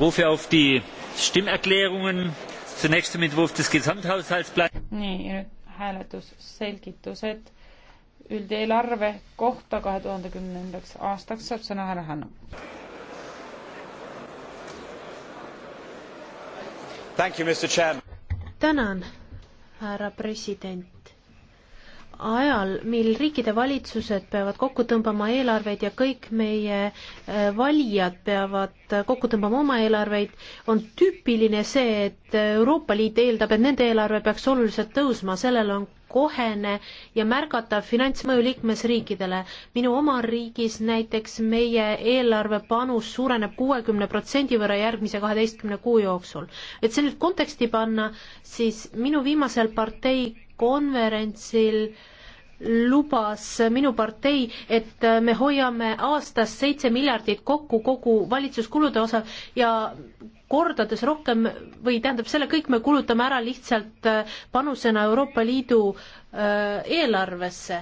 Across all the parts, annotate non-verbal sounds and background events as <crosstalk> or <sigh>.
ich rufe auf die Stimmerklärungen zunächst zum Entwurf des Gesamthaushaltsplans. nii, hääletusselgitused üldeelarve kohta kahe tuhande kümnendaks aastaks saab sõna härra Hanno. tänan, härra president ajal, mil riikide valitsused peavad kokku tõmbama eelarveid ja kõik meie äh, valijad peavad äh, kokku tõmbama oma eelarveid, on tüüpiline see, et Euroopa Liit eeldab, et nende eelarve peaks oluliselt tõusma, sellel on kohene ja märgatav finantsmõju liikmesriikidele. minu oma riigis näiteks meie eelarve panus suureneb kuuekümne protsendi võrra järgmise kaheteistkümne kuu jooksul. et see nüüd konteksti panna, siis minu viimasel partei konverentsil lubas minu partei, et me hoiame aastas seitse miljardit kokku kogu valitsuskulude osa ja kordades rohkem või tähendab, selle kõik me kulutame ära lihtsalt äh, panusena Euroopa Liidu äh, eelarvesse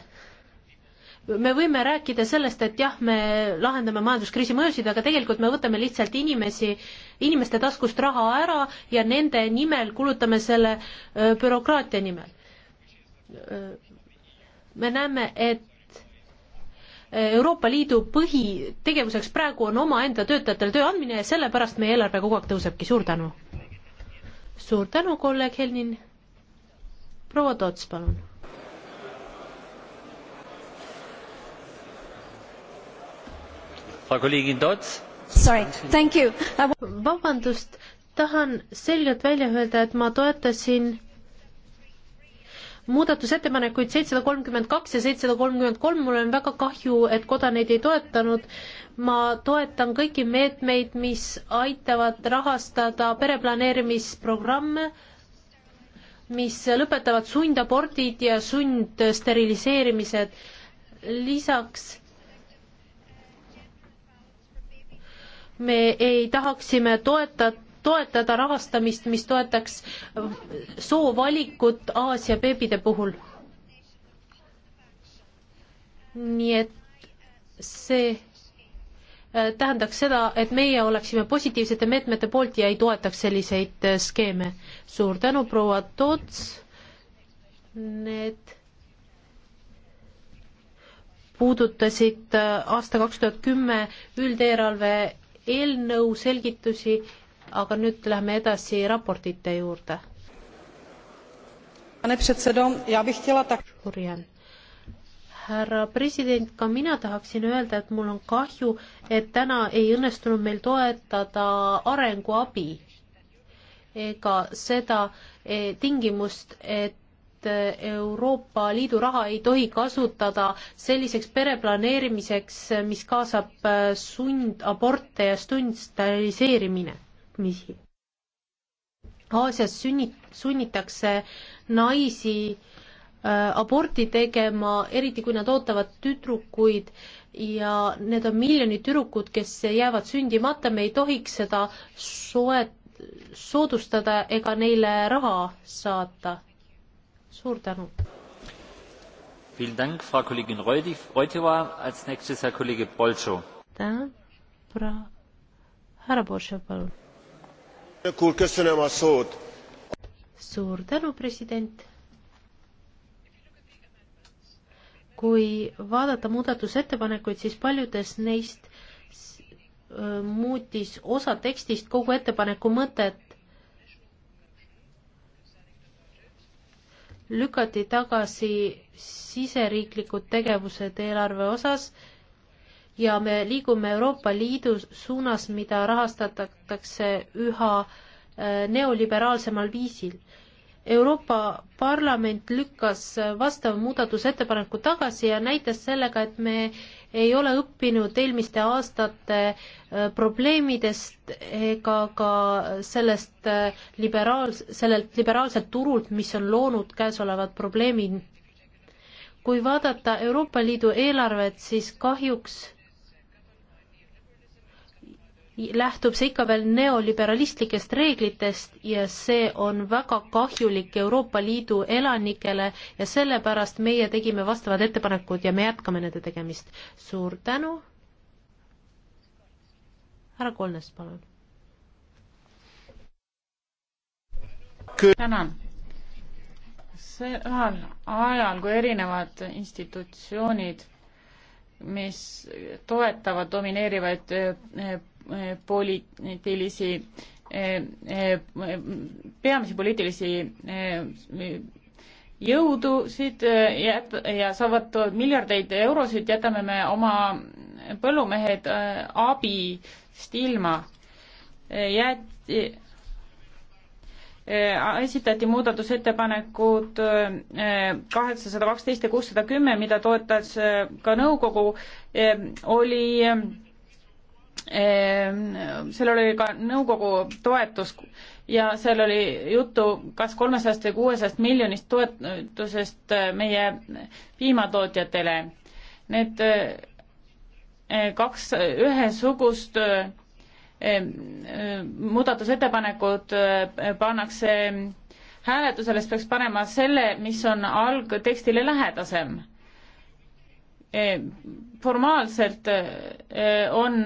me võime rääkida sellest, et jah, me lahendame majanduskriisi mõjusid, aga tegelikult me võtame lihtsalt inimesi, inimeste taskust raha ära ja nende nimel kulutame selle äh, bürokraatia nimel me näeme, et Euroopa Liidu põhitegevuseks praegu on omaenda töötajatele töö andmine ja sellepärast meie eelarve kogu aeg tõusebki, suur tänu. suur tänu, kolleeg Helnin. proua Toots, palun. vabandust, tahan selgelt välja öelda, et ma toetasin muudatusettepanekuid seitsesada kolmkümmend kaks ja seitsesada kolmkümmend kolm, mul on väga kahju, et koda neid ei toetanud. ma toetan kõiki meetmeid, mis aitavad rahastada pereplaneerimisprogramme, mis lõpetavad sundabordid ja sundsteriliseerimised. lisaks me ei tahaksime toetada toetada rahastamist, mis toetaks soovalikut Aasia beebide puhul. nii et see äh, tähendaks seda, et meie oleksime positiivsete meetmete poolt ja ei toetaks selliseid äh, skeeme. suur tänu, proua Toots. Need puudutasid äh, aasta kaks tuhat kümme üldeelarve eelnõu selgitusi aga nüüd läheme edasi raportite juurde. härra president, ka mina tahaksin öelda, et mul on kahju, et täna ei õnnestunud meil toetada arenguabi ega seda e, tingimust, et Euroopa Liidu raha ei tohi kasutada selliseks pereplaneerimiseks, mis kaasab e, sundaborte ja sundsteriliseerimine tapmisi. Aasias sünni, sunnitakse naisi äh, aborti tegema, eriti kui nad ootavad tüdrukuid ja need on miljonid tüdrukud, kes jäävad sündimata, me ei tohiks seda soet-, soodustada ega neile raha saata. suur tänu! tänan, härra Boršov, palun! suur tänu, president. kui vaadata muudatusettepanekuid, siis paljudes neist äh, muutis osa tekstist kogu ettepaneku mõtet. lükati tagasi siseriiklikud tegevused eelarve osas ja me liigume Euroopa Liidu suunas, mida rahastatakse üha äh, neoliberaalsemal viisil. Euroopa Parlament lükkas vastava muudatusettepaneku tagasi ja näitas sellega, et me ei ole õppinud eelmiste aastate äh, probleemidest ega ka sellest äh, liberaals-, sellelt liberaalselt turult, mis on loonud käesolevad probleemid. kui vaadata Euroopa Liidu eelarvet, siis kahjuks lähtub see ikka veel neoliberalistlikest reeglitest ja see on väga kahjulik Euroopa Liidu elanikele ja sellepärast meie tegime vastavad ettepanekud ja me jätkame nende tegemist. suur tänu. härra Kolnes, palun. tänan. sellel ajal, kui erinevad institutsioonid mis toetavad domineerivaid eh, Eh, poliitilisi eh, eh, peamisi poliitilisi jõudusid ja saavad miljardeid eurosid, jätame me oma põllumehed abist ilma. jäeti, esitati muudatusettepanekud kaheksasada kaksteist ja kuussada kümme, mida toetas ka nõukogu, oli Ehm, seal oli ka nõukogu toetus ja seal oli juttu kas kolmesajast või kuuesajast miljonist toetusest eh, meie piimatootjatele. Need eh, eh, kaks ühesugust muudatusettepanekud pannakse hääletusele, siis peaks panema selle, mis on algtekstile lähedasem E, formaalselt e, e, on,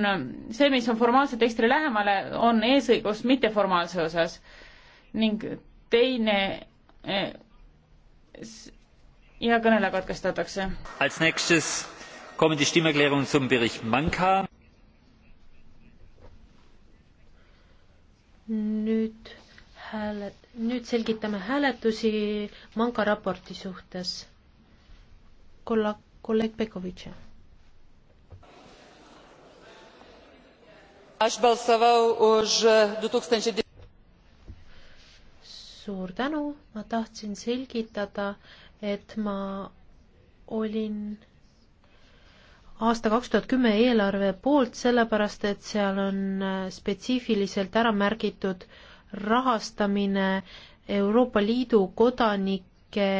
see, mis on formaalselt tekstile lähemale, on eesõigus mitteformaalse osas ning teine ja kõnele katkestatakse. Als nächstes kommen die Stimmerklärungen zum Bericht Manka. nüüd hääle, nüüd selgitame hääletusi Manka raporti suhtes. kollak-. Coleg Pekoviče. Aš balsavau už 2010 suur tänu, ma tahtsin selgitada, et ma olin aasta kaks tuhat kümme eelarve poolt, sellepärast et seal on äh, spetsiifiliselt ära märgitud rahastamine Euroopa Liidu kodanike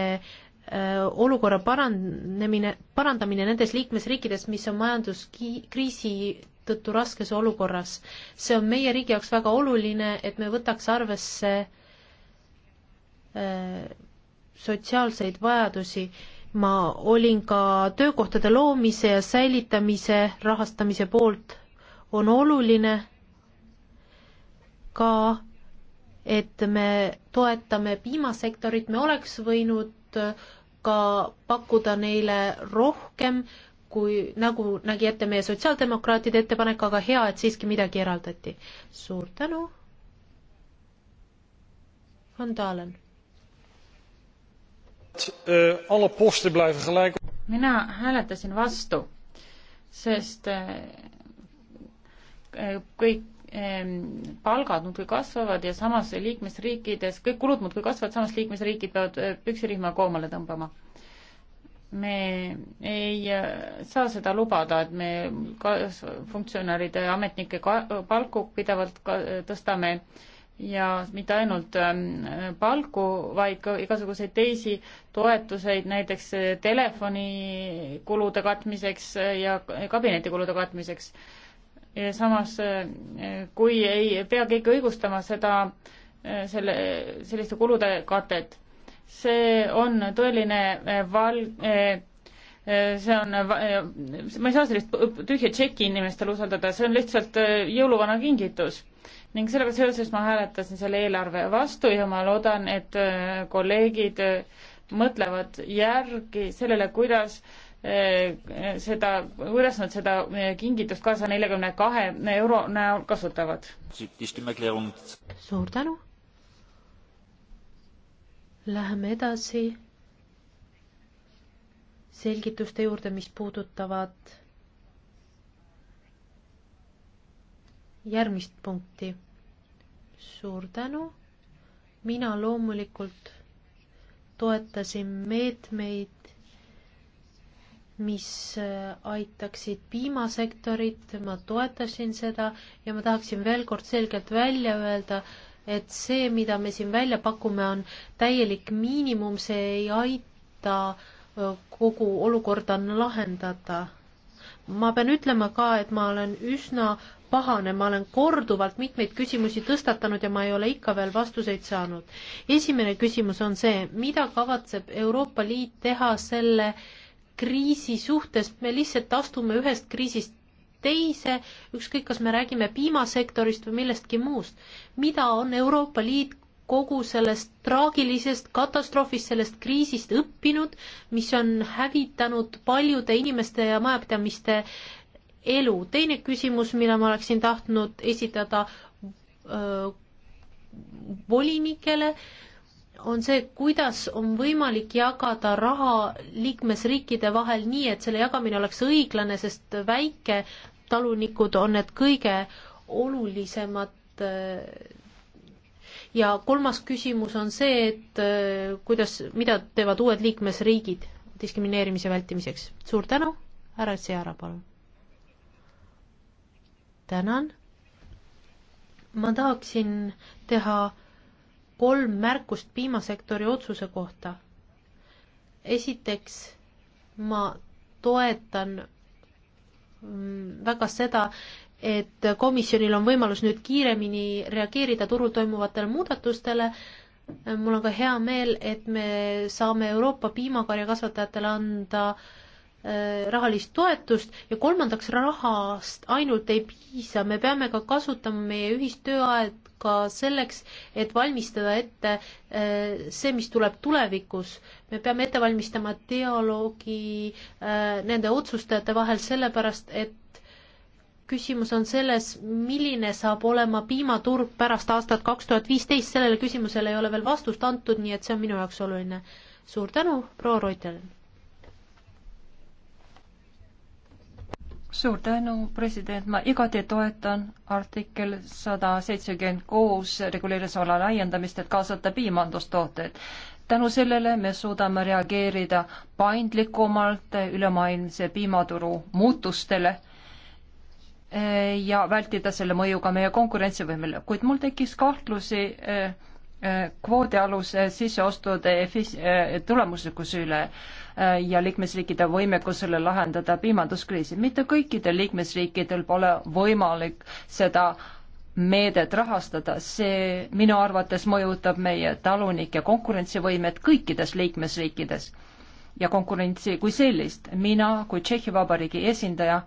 Äh, olukorra paranemine, parandamine nendes liikmesriikides, mis on majanduskriisi tõttu raskes olukorras. see on meie riigi jaoks väga oluline, et me võtaks arvesse äh, sotsiaalseid vajadusi. ma olin ka töökohtade loomise ja säilitamise rahastamise poolt. on oluline ka, et me toetame piimasektorit, me oleks võinud Äh, ka pakkuda neile rohkem, kui, nagu nägi ette meie sotsiaaldemokraatide ettepanek, aga hea, et siiski midagi eraldati. suur tänu. Van Dalen. Eh, mina hääletasin vastu, sest eh, kõik palgad muudkui kasvavad ja samas liikmesriikides, kõik kulud muudkui kasvavad, samas liikmesriigid peavad eh, püksirihma koomale tõmbama. me ei eh, saa seda lubada, et me ka funktsionäride ja ametnike ka palku pidevalt ka tõstame ja mitte ainult palku, vaid ka igasuguseid teisi toetuseid, näiteks eh, telefonikulude katmiseks ja kabinetikulude katmiseks ja samas, eh, kui ei pea keegi õigustama seda, eh, selle, selliste kulude katet, see on tõeline eh, val-, see on, ma ei saa sellist tühja tšeki inimestele usaldada, see on lihtsalt jõuluvana kingitus. ning sellega seoses ma hääletasin selle eelarve vastu ja ma loodan, et kolleegid mõtlevad järgi sellele, kuidas äh, Eh, seda, kuidas nad seda eh, kingitust kaasa neljakümne kahe euro näol kasutavad. suur tänu. Läheme edasi selgituste juurde, mis puudutavad järgmist punkti. suur tänu. mina loomulikult toetasin meetmeid, mis äh, aitaksid piimasektorit, ma toetasin seda ja ma tahaksin veel kord selgelt välja öelda, et see, mida me siin välja pakume, on täielik miinimum, see ei aita äh, kogu olukorda lahendada. ma pean ütlema ka, et ma olen üsna pahane, ma olen korduvalt mitmeid küsimusi tõstatanud ja ma ei ole ikka veel vastuseid saanud. esimene küsimus on see, mida kavatseb Euroopa Liit teha selle äh, kriisi suhtes, me lihtsalt astume ühest kriisist teise, ükskõik, kas me räägime piimasektorist või millestki muust. mida on Euroopa Liit kogu sellest traagilisest katastroofist, sellest kriisist õppinud, mis on hävitanud paljude inimeste ja majapidamiste elu. teine küsimus, mille ma oleksin tahtnud esitada öö, volinikele, on see, kuidas on võimalik jagada raha liikmesriikide vahel nii, et selle jagamine oleks õiglane, sest väiketalunikud on need kõige olulisemad äh, ja kolmas küsimus on see, et äh, kuidas, mida teevad uued liikmesriigid diskrimineerimise vältimiseks. suur tänu, härra Seara, palun. tänan. ma tahaksin teha kolm märkust piimasektori otsuse kohta. esiteks, ma toetan mm, väga seda, et komisjonil on võimalus nüüd kiiremini reageerida turul toimuvatele muudatustele, mul on ka hea meel, et me saame Euroopa piimakarjakasvatajatele anda äh, Äh, rahalist toetust ja kolmandaks, rahast ainult ei piisa, me peame ka kasutama meie ühist tööaega selleks, et valmistada ette äh, see, mis tuleb tulevikus. me peame ette valmistama dialoogi äh, nende otsustajate vahel, sellepärast et küsimus on selles, milline saab olema piimaturg pärast aastat kaks tuhat viisteist, sellele küsimusele ei ole veel vastust antud, nii et see on minu jaoks oluline. suur tänu, proua Reutel! suur tänu, president, ma igati toetan artikkel sada seitsekümmend kuus reguleerimisala laiendamist, et kaasata piimandustooted. tänu sellele me suudame reageerida paindlikumalt ülemaailmse piimaturu muutustele eh, ja vältida selle mõju ka meie konkurentsivõimele, kuid mul tekkis kahtlusi äh, Äh, kvoodi aluse sisseostude äh, tulemuslikkuse üle äh, ja liikmesriikide võimekusele lahendada piimanduskriisi. mitte kõikidel liikmesriikidel pole võimalik seda meedet rahastada, see minu arvates mõjutab meie talunike konkurentsivõimet kõikides liikmesriikides ja konkurentsi kui sellist. mina kui Tšehhi Vabariigi esindaja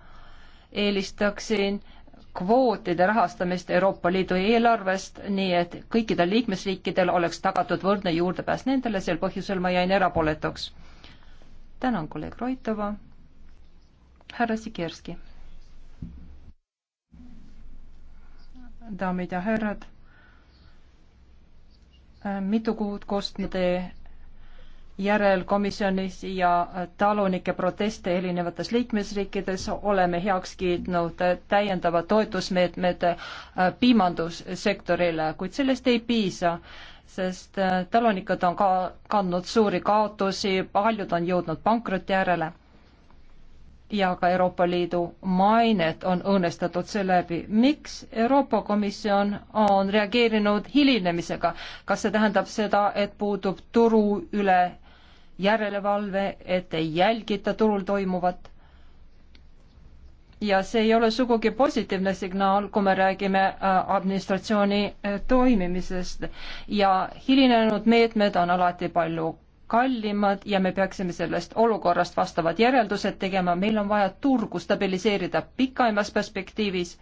eelistaksin äh, kvootide rahastamist Euroopa Liidu eelarvest, nii et kõikidel liikmesriikidel oleks tagatud võrdne juurdepääs nendele, sel põhjusel ma jäin erapooletuks. tänan kolleeg Roitova. härra Sikerski. daamid ja härrad, mitu kuud koos nende järelkomisjonis ja talunike proteste erinevates liikmesriikides oleme heaks kiitnud täiendavad toetusmeetmed äh, piimandussektorile, kuid sellest ei piisa, sest äh, talunikud on ka kandnud suuri kaotusi, paljud on jõudnud pankroti äärele. ja ka Euroopa Liidu mainet on õõnestatud seeläbi. miks Euroopa Komisjon on reageerinud hilinemisega? kas see tähendab seda, et puudub turu üle järelevalve, et ei jälgita turul toimuvat. ja see ei ole sugugi positiivne signaal, kui me räägime äh, administratsiooni äh, toimimisest ja hilinenud meetmed on alati palju kallimad ja me peaksime sellest olukorrast vastavad järeldused tegema, meil on vaja turgu stabiliseerida pikaimas perspektiivis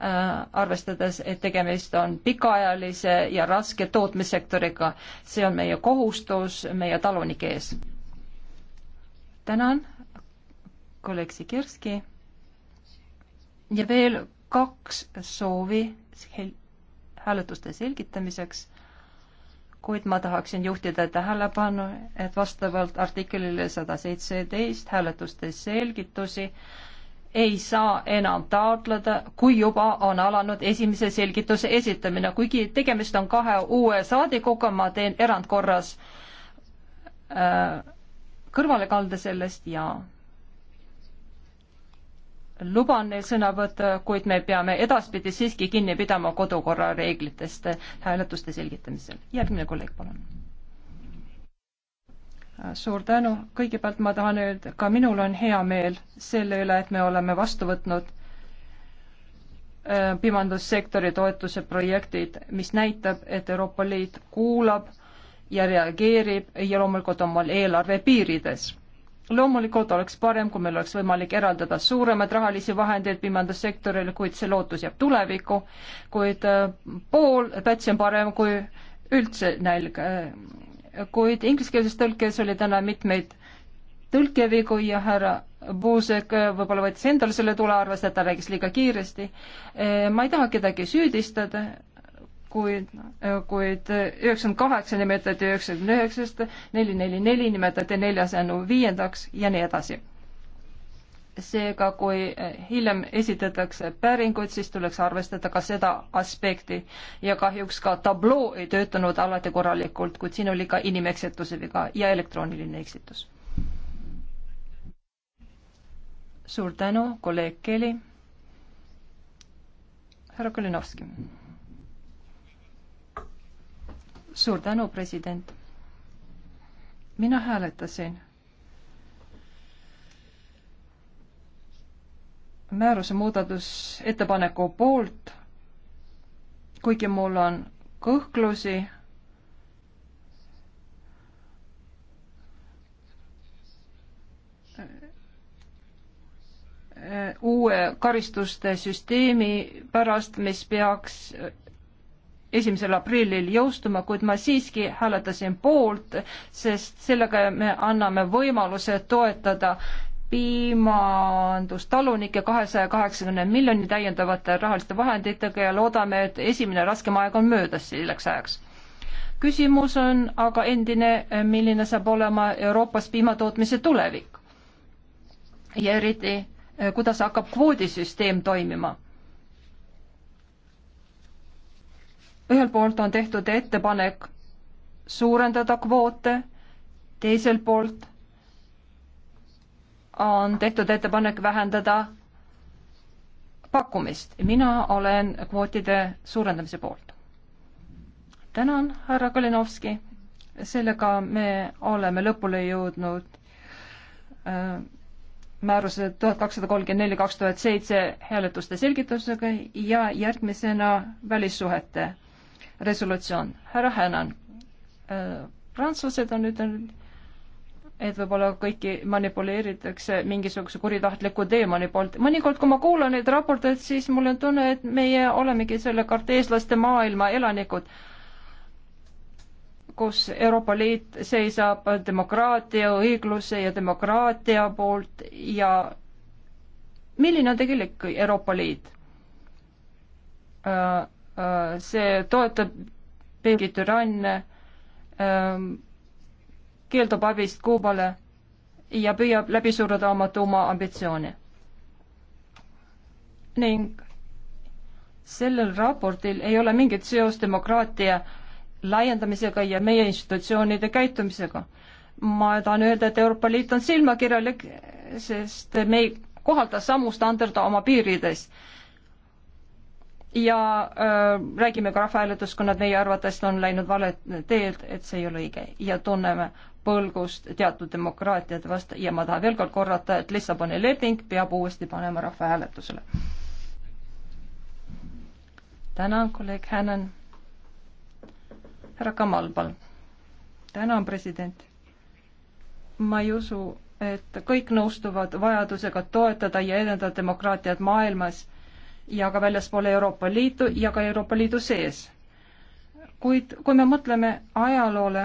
Äh, arvestades, et tegemist on pikaajalise ja raske tootmissektoriga. see on meie kohustus meie talunike ees. tänan, kolleeg Sikirski. ja veel kaks soovi hääletuste selgitamiseks, kuid ma tahaksin juhtida tähelepanu, et vastavalt artiklile sada seitseteist hääletuste selgitusi äh, ei saa enam taotleda, kui juba on alanud esimese selgituse esitamine, kuigi tegemist on kahe uue saadikuga, ma teen erandkorras äh, kõrvalekalde sellest ja luban neil sõna võtta, kuid me peame edaspidi siiski kinni pidama kodukorra reeglitest hääletuste selgitamisel. järgmine kolleeg, palun Äh, suur tänu, kõigepealt ma tahan öelda, ka minul on hea meel selle üle, et me oleme vastu võtnud äh, pimandussektori toetuse projektid, mis näitab, et Euroopa Liit kuulab ja reageerib ja loomulikult on meil eelarve piirides. loomulikult oleks parem, kui meil oleks võimalik eraldada suuremaid rahalisi vahendeid pimandussektorile, kuid see lootus jääb tulevikku, kuid äh, pool pätsi on parem kui üldse nälg kuid ingliskeelses tõlkes oli täna mitmeid tõlkevigu ja härra Buusek äh, võib-olla võttis endale selle tule, arvas, et ta rääkis liiga kiiresti. Äh, ma ei taha kedagi süüdistada, kuid, äh, kuid üheksakümmend kaheksa nimetati üheksakümne üheksast, neli, neli, neli nimetati neljasaja viiendaks ja nii edasi seega, kui eh, hiljem esitatakse päringuid, siis tuleks arvestada ka seda aspekti ja kahjuks ka tabloo ei töötanud alati korralikult, kuid siin oli ka inimeksetuse viga ja elektrooniline eksitus. suur tänu, kolleeg Keli. härra Kalinovski. suur tänu, president. mina hääletasin määruse muudatusettepaneku poolt, kuigi mul on kõhklusi, uue karistuste süsteemi pärast, mis peaks esimesel aprillil jõustuma, kuid ma siiski hääletasin poolt, sest sellega me anname võimaluse toetada äh, piimaandustalunikke kahesaja kaheksakümne miljoni täiendavate rahaliste vahenditega ja loodame, et esimene raskem aeg on möödas selleks ajaks. küsimus on aga endine, milline saab olema Euroopas piimatootmise tulevik ja eriti, kuidas hakkab kvoodisüsteem toimima ühelt poolt on tehtud ettepanek suurendada kvoote, teiselt poolt on tehtud ettepanek vähendada pakkumist. mina olen kvootide suurendamise poolt. tänan, härra Kalinovski. sellega me oleme lõpule jõudnud äh, määruse tuhat kakssada kolmkümmend neli, kaks tuhat seitse hääletuste selgitusega ja järgmisena välissuhete resolutsioon. härra Hänan äh,, prantslased on ütelnud, et võib-olla kõiki manipuleeritakse mingisuguse kuritahtliku teemani poolt. mõnikord, kui ma kuulan neid raporteid, siis mul on tunne, et meie olemegi selle karteeslaste maailma elanikud, kus Euroopa Liit seisab demokraatia, õigluse ja demokraatia poolt ja milline on tegelik Euroopa Liit? Äh, äh, see toetab pingi türanne ähm, keeldub abist Kuubale ja püüab läbi suruda oma tuumaambitsioone. ning sellel raportil ei ole mingit seost demokraatia laiendamisega ja meie institutsioonide käitumisega. ma tahan öelda, et Euroopa Liit on silmakirjalik, sest me ei kohalda samu standarde oma piirides ja äh, räägime ka rahvahääletust, kuna meie arvates on läinud valet teed, et see ei ole õige ja tunneme põlgust teatud demokraatiate vastu ja ma tahan veel kord korrata, et Lissaboni leping peab uuesti panema rahvahääletusele. tänan, kolleeg Hänen. härra Kamal, palun. tänan, president. ma ei usu, et kõik nõustuvad vajadusega toetada ja edendada demokraatiat maailmas ja ka väljaspool Euroopa Liitu ja ka Euroopa Liidu sees. kuid kui me mõtleme ajaloole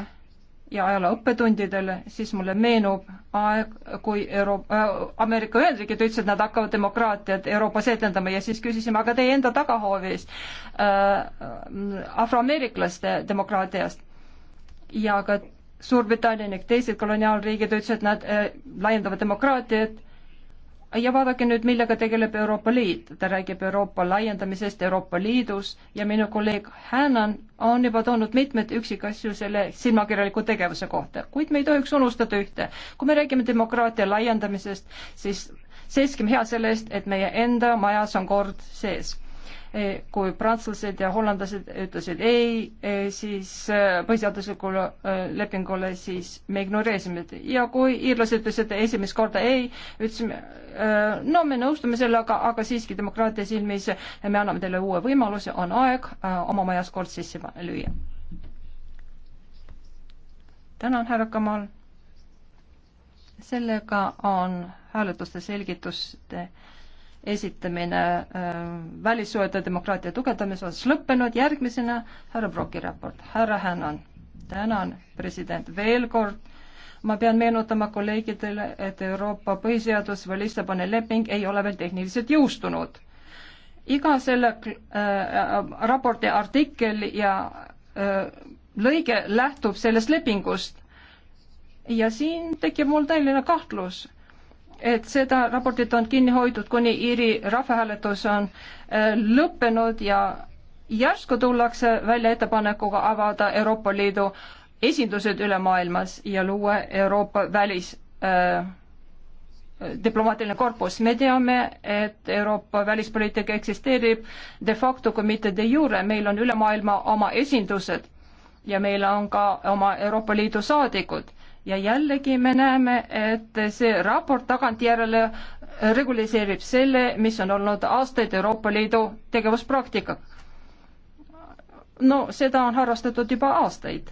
ja ajaloo õppetundidele, siis mulle meenub aeg, kui Euro- äh,, Ameerika Ühendriigid ütlesid, et nad hakkavad demokraatiat Euroopas edendama ja siis küsisime, aga teie enda tagahoovis äh, afroameeriklaste demokraatiast ja ka Suurbritannia ning teised koloniaalriigid ütlesid, et nad äh, laiendavad demokraatiat ja vaadake nüüd, millega tegeleb Euroopa Liit. ta räägib Euroopa laiendamisest Euroopa Liidus ja minu kolleeg Hannan on juba toonud mitmeid üksikasju selle silmakirjaliku tegevuse kohta. kuid me ei tohiks unustada ühte. kui me räägime demokraatia laiendamisest, siis seiskem hea selle eest, et meie enda majas on kord sees kui prantslased ja hollandlased ütlesid ei, eh, siis eh, põhiseaduslikule eh, lepingule, siis me ignoreerisime ja kui iirlased ütlesid esimest korda ei, ütlesime no me nõustume sellega, aga siiski demokraatia silmis me anname teile uue võimaluse, on aeg oma majas kord sisse lüüa. tänan, härra Kamal. sellega on hääletuste selgituste esitamine äh, välissuhete demokraatia tugevdamise osas lõppenud, järgmisena härra Broki raport, härra Hännan. tänan, president, veel kord ma pean meenutama kolleegidele, et Euroopa põhiseadus või Lissaboni leping ei ole veel tehniliselt jõustunud. iga selle äh, raporti artikkel ja äh, lõige lähtub sellest lepingust ja siin tekib mul tõeline kahtlus et seda raportit on kinni hoidnud, kuni Iiri rahvahääletus on äh, lõppenud ja järsku tullakse välja ettepanekuga avada Euroopa Liidu esindused üle maailmas ja luua Euroopa välis äh, diplomaatiline korpus. me teame, et Euroopa välispoliitika eksisteerib de facto, kui mitte de jure, meil on üle maailma oma esindused ja meil on ka oma Euroopa Liidu saadikud ja jällegi me näeme, et see raport tagantjärele reguliseerib selle, mis on olnud aastaid Euroopa Liidu tegevuspraktika. no seda on harrastatud juba aastaid.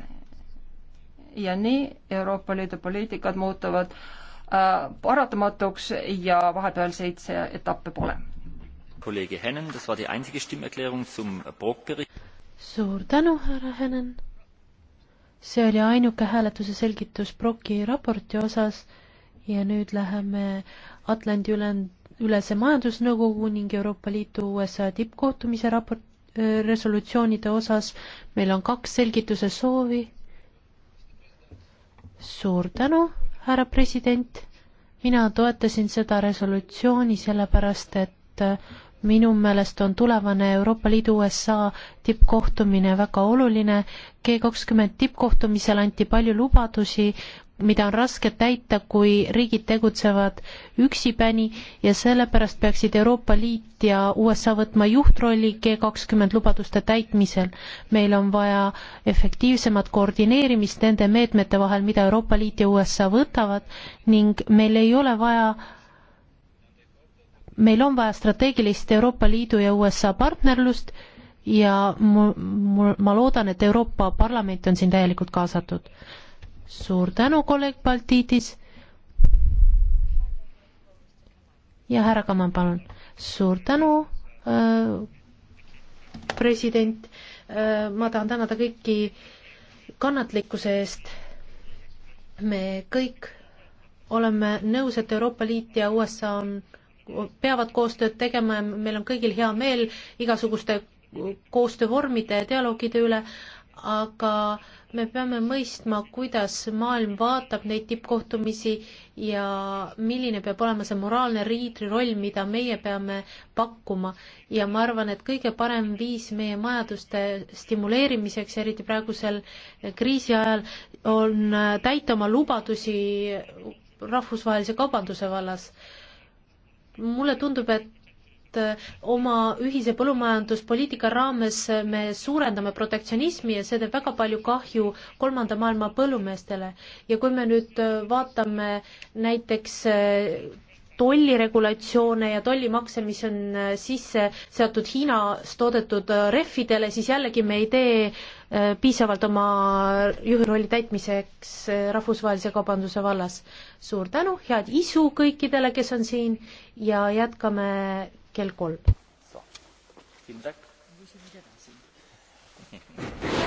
ja nii Euroopa Liidu poliitikad muutuvad äh, paratamatuks ja vahepeal seitse etappe pole. kolleeg Hennen, see oli ainuke stimmeerkläring zum Brokkeri. suur tänu, härra Hennen see oli ainuke hääletuse selgitus Broki raporti osas ja nüüd läheme Atlandi ülen-, ülese majandusnõukogu ning Euroopa Liidu USA tippkohtumise raport, äh, resolutsioonide osas. meil on kaks selgituse soovi. suur tänu, härra president. mina toetasin seda resolutsiooni sellepärast, et minu meelest on tulevane Euroopa Liidu USA tippkohtumine väga oluline. G kakskümmend tippkohtumisel anti palju lubadusi, mida on raske täita, kui riigid tegutsevad üksipäni ja sellepärast peaksid Euroopa Liit ja USA võtma juhtrolli G kakskümmend lubaduste täitmisel. meil on vaja efektiivsemat koordineerimist nende meetmete vahel, mida Euroopa Liit ja USA võtavad ning meil ei ole vaja meil on vaja strateegilist Euroopa Liidu ja USA partnerlust ja mul, mul, ma loodan, et Euroopa Parlament on siin täielikult kaasatud. suur tänu, kolleeg Baltiidis. ja härra Kaman, palun. suur tänu äh,, president äh,. ma tahan tänada kõiki kannatlikkuse eest. me kõik oleme nõus, et Euroopa Liit ja USA on äh, peavad koostööd tegema ja meil on kõigil hea meel igasuguste koostöövormide ja dialoogide üle, aga me peame mõistma, kuidas maailm vaatab neid tippkohtumisi ja milline peab olema see moraalne liidriroll, mida meie peame pakkuma. ja ma arvan, et kõige parem viis meie majanduste stimuleerimiseks, eriti praegusel kriisi ajal, on täita oma lubadusi rahvusvahelise kaubanduse vallas mulle tundub, et äh, oma ühise põllumajanduspoliitika raames me suurendame protektsionismi ja see teeb väga palju kahju kolmanda maailma põllumeestele. ja kui me nüüd äh, vaatame näiteks äh, tolliregulatsioone ja tollimakse, mis on äh, sisse seatud Hiinas toodetud äh, rehvidele, siis jällegi me ei tee äh, piisavalt oma juhirolli täitmiseks rahvusvahelise kaubanduse vallas. suur tänu, head isu kõikidele, kes on siin ja jätkame kell kolm. <laughs>